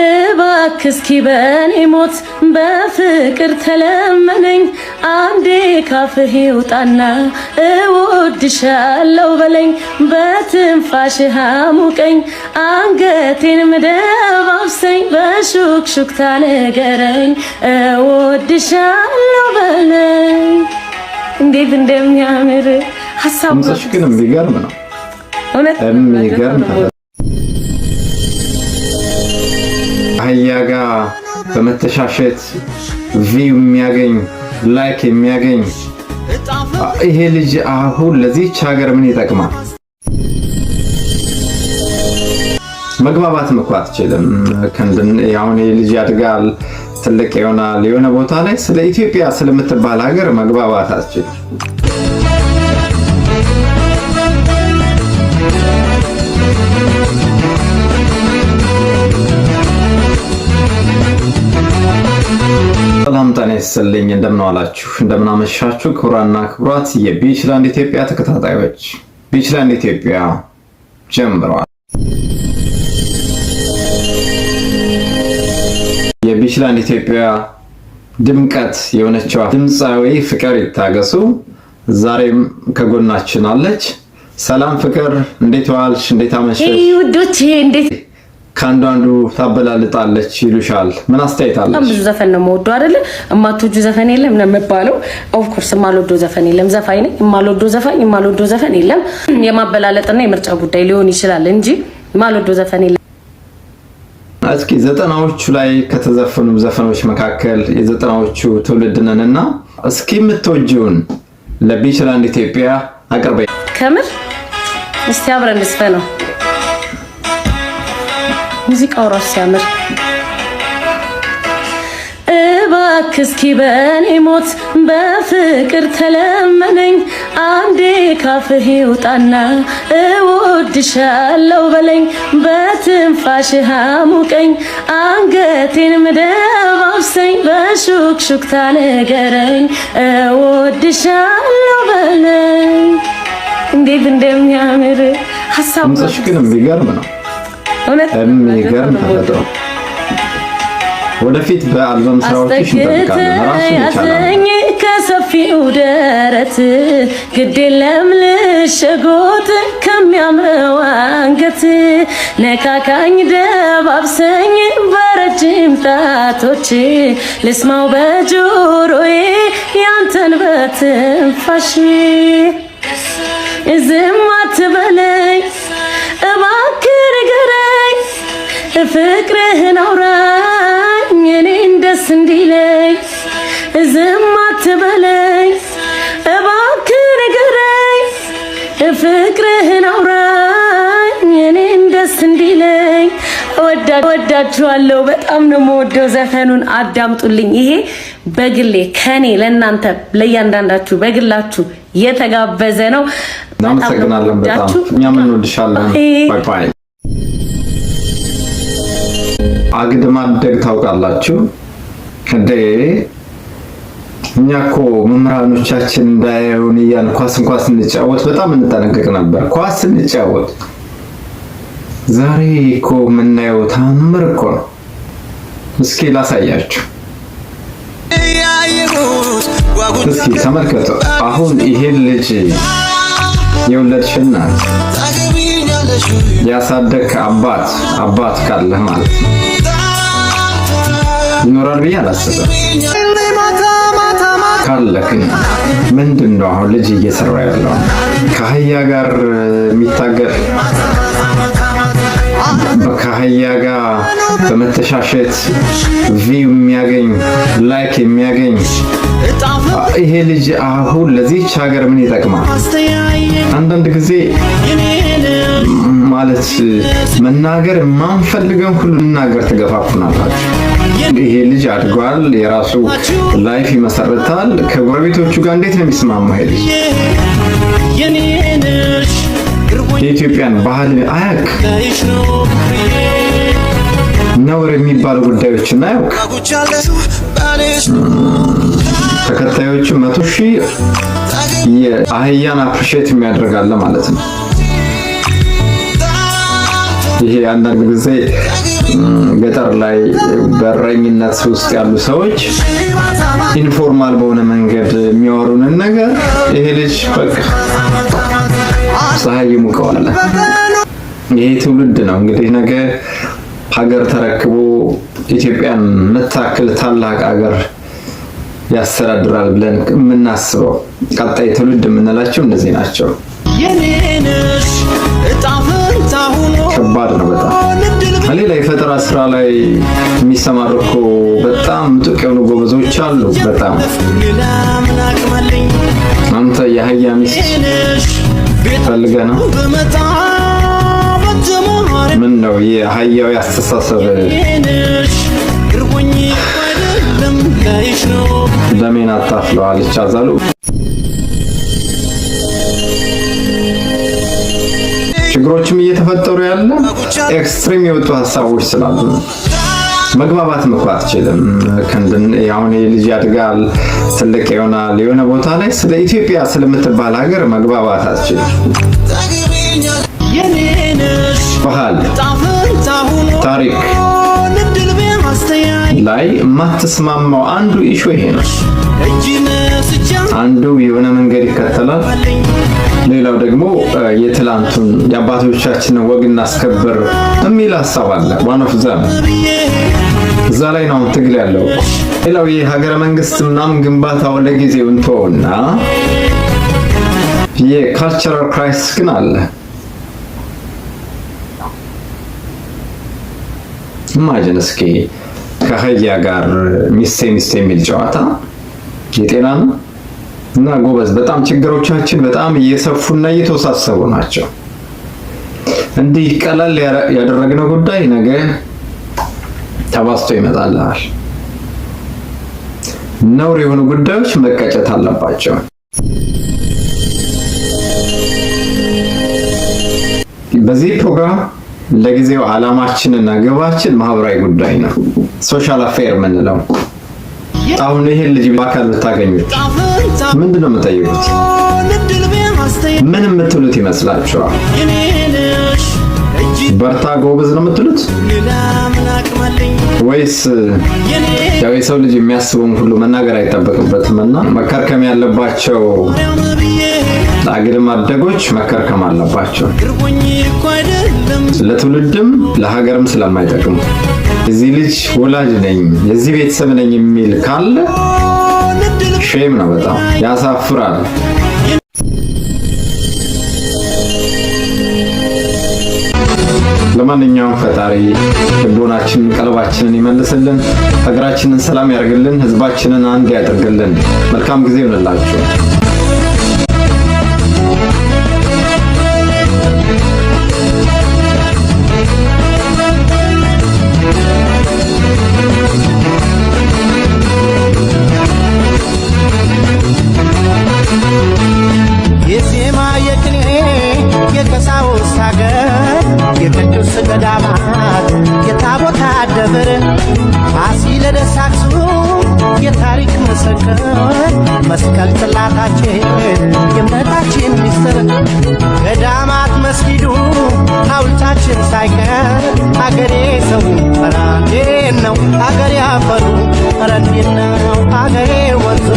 እባክ እስኪ በእኔ ሞት በፍቅር ተለመነኝ አንዴ ካፍህ ይውጣና እወድሻለሁ በለኝ በትንፋሽህ አሙቀኝ አንገቴን ምደባብሰኝ በሹክሹክታ ንገረኝ እወድሻለሁ በለኝ። እንዴት እንደሚያምር ሀሳብ ነው። የሚገርም ነው። ያጋ ጋር በመተሻሸት ቪው የሚያገኝ ላይክ የሚያገኝ ይሄ ልጅ አሁን ለዚች ሀገር ምን ይጠቅማል? መግባባት እኮ አትችልም። አሁን ልጅ ያድጋል፣ ትልቅ ይሆናል። የሆነ ቦታ ላይ ስለ ኢትዮጵያ ስለምትባል ሀገር መግባባት አትችልም። ያስልኝ እንደምን ዋላችሁ እንደምን አመሻችሁ ክቡራና ክቡራት የቢችላንድ ኢትዮጵያ ተከታታዮች ቢችላንድ ኢትዮጵያ ጀምረዋል የቢችላንድ ኢትዮጵያ ድምቀት የሆነችዋ ድምፃዊ ፍቅር ይታገሱ ዛሬም ከጎናችን አለች ሰላም ፍቅር እንዴት ዋልሽ እንዴት አመሸሽ ውዶቼ እንዴት ከአንዱ አንዱ ታበላልጣለች ይሉሻል። ምን አስተያየት አለ? ብዙ ዘፈን ነው የምወደው አይደለ? እማትወጁ ዘፈን የለም ነው የሚባለው። ኦፍኮርስ የማልወደው ዘፈን የለም። ዘፋኝ ነኝ። የማልወደው ዘፋኝ የማልወደው ዘፈን የለም። የማበላለጥና የምርጫ ጉዳይ ሊሆን ይችላል እንጂ የማልወደው ዘፈን የለም። እስኪ ዘጠናዎቹ ላይ ከተዘፈኑ ዘፈኖች መካከል የዘጠናዎቹ ትውልድ ነን እና እስኪ የምትወጂውን ለቢችላንድ ኢትዮጵያ አቅርበ ከምር እስቲ አብረን ስፈ ነው ሙዚቃው ራሱ ሲያምር እባክስኪ በእኔ ሞት በፍቅር ተለመነኝ አንዴ ካፍህ ይውጣና እወድሻለሁ በለኝ በትንፋሽ አሙቀኝ አንገቴን ምደባብሰኝ በሹክሹክታ ንገረኝ እወድሻለሁ በለኝ እንዴት እንደሚያምር ሀሳብ ግን የሚገርም ነው። የሚገርም ተፈጥሮ ወደፊት በአልበም ስራዎችሽ ከሰፊው ደረት ግድ ልሸጎት ከሚያምረው አንገት ነካካኝ ደባብሰኝ በረጅም ጣቶች ልስማው በጆሮዬ ያንተን በትንፋሽ ዝም አትበለኝ ፍቅርህን አውራኝ እኔን ደስ እንዲለኝ እዝም አትበለኝ እባክህ ንገረኝ ፍቅርህን አውራኝ እኔን ደስ እንዲለኝ ወዳችኋለሁ። በጣም ነው የምወደው። ዘፈኑን አዳምጡልኝ። ይሄ በግሌ ከኔ ለእናንተ ለእያንዳንዳችሁ በግላችሁ የተጋበዘ ነው። እናመሰግናለን በጣም እኛም እንወድሻለን። ባይ ባይ አግድ ማደግ ታውቃላችሁ እንዴ? እኛ እኮ መምህራኖቻችን እንዳያዩን እያልን ኳስ እንኳን ስንጫወት በጣም እንጠነቀቅ ነበር። ኳስ ስንጫወት ዛሬ እኮ የምናየው ታምር እኮ ነው። እስኪ ላሳያችሁ፣ እስኪ ተመልከቱ። አሁን ይሄን ልጅ የወለድሽ እናት አባት አባት ካለህ ማለት ነው ይኖራል ብዬ አላስብም። ካለክን ምንድን ነው አሁን ልጅ እየሰራ ያለው ከአህያ ጋር የሚታገል ከአህያ ጋር በመተሻሸት ቪው የሚያገኝ ላይክ የሚያገኝ ይሄ ልጅ አሁን ለዚች ሀገር ምን ይጠቅማል? አንዳንድ ጊዜ ማለት መናገር የማንፈልገን ሁሉ ልናገር ትገፋፉናላችሁ። ይሄ ልጅ አድጓል፣ የራሱ ላይፍ ይመሰርታል፣ ከጎረቤቶቹ ጋር እንዴት ነው የሚስማማ? ይሄ ልጅ የኢትዮጵያን ባህል አያውቅ ነውር የሚባሉ ጉዳዮችን አያውቅ። ተከታዮቹ መቶ ሺህ የአህያን አፕሪሼት የሚያደርጋለ ማለት ነው። ይሄ አንዳንድ ጊዜ ገጠር ላይ በረኝነት ውስጥ ያሉ ሰዎች ኢንፎርማል በሆነ መንገድ የሚያወሩንን ነገር ይሄ ልጅ በቃ ፀሐይ ይሙቀዋል። ይሄ ትውልድ ነው እንግዲህ ነገ ሀገር ተረክቦ ኢትዮጵያን የምታክል ታላቅ ሀገር ያስተዳድራል ብለን የምናስበው ቀጣይ ትውልድ የምንላቸው እነዚህ ናቸው። ከባድ ነው በጣም ከሌላ የፈጠራ ስራ ላይ የሚሰማሩ እኮ በጣም ምጡቅ የሆኑ ጎበዞች አሉ። በጣም አንተ የአህያ ሚስት ፈልገ ነው? ምን ነው የአህያው ያስተሳሰብ ደሜን አታፍለዋል ይቻዛሉ ችግሮችም እየተፈጠሩ ያለ ኤክስትሪም የወጡ ሀሳቦች ስላሉ ነው። መግባባት መኩ አትችልም። አሁን ልጅ ያድጋል፣ ትልቅ ይሆናል። የሆነ ቦታ ላይ ስለ ኢትዮጵያ ስለምትባል ሀገር መግባባት አትችልም። ባህል፣ ታሪክ ላይ የማትስማማው አንዱ ኢሹ ይሄ ነው። አንዱ የሆነ መንገድ ይከተላል ሌላው ደግሞ የትላንቱን የአባቶቻችንን ወግ እናስከብር የሚል ሀሳብ አለ። ዋን ኦፍ ዘም እዛ ላይ ነው ትግል ያለው። ሌላው የሀገረ መንግስት ምናምን ግንባታው ለጊዜው እንተወውና የካልቸራል ክራይሲስ ግን አለ። ኢማጅን እስኪ ከአህያ ጋር ሚስቴ ሚስቴ የሚል ጨዋታ የጤና ነው። እና ጎበዝ በጣም ችግሮቻችን በጣም እየሰፉና እየተወሳሰቡ ናቸው። እንዲህ ቀላል ያደረግነው ጉዳይ ነገ ተባስቶ ይመጣልናል። ነውር የሆኑ ጉዳዮች መቀጨት አለባቸው። በዚህ ፕሮግራም ለጊዜው ዓላማችንና ግባችን ማህበራዊ ጉዳይ ነው፣ ሶሻል አፌር የምንለው አሁን ይሄን ልጅ በአካል ብታገኙት ምንድን ነው የምጠይቁት? ምን የምትሉት ይመስላችኋል? በርታ ጎበዝ ነው የምትሉት ወይስ ያው የሰው ልጅ የሚያስበውን ሁሉ መናገር አይጠበቅበትም እና መከርከም ያለባቸው አግድም አደጎች መከርከም አለባቸው። ለትውልድም ለሀገርም ስለማይጠቅም የዚህ ልጅ ወላጅ ነኝ የዚህ ቤተሰብ ነኝ የሚል ካለ ሼም ነው፣ በጣም ያሳፍራል። ለማንኛውም ፈጣሪ ልቦናችንን ቀልባችንን ይመልስልን፣ ሀገራችንን ሰላም ያደርግልን፣ ህዝባችንን አንድ ያደርግልን። መልካም ጊዜ ይሆንላችሁ። ለደሳክሱ የታሪክ ምስክር መስቀል ጽላታችን የእምነታችን ሚስጥር ገዳማት መስጊዱ ሐውልታችን ሳይቀር አገሬ ሰው ራዴ ነው አገሬ አፈሩ ረንዴ ነው አገሬ ወንዙ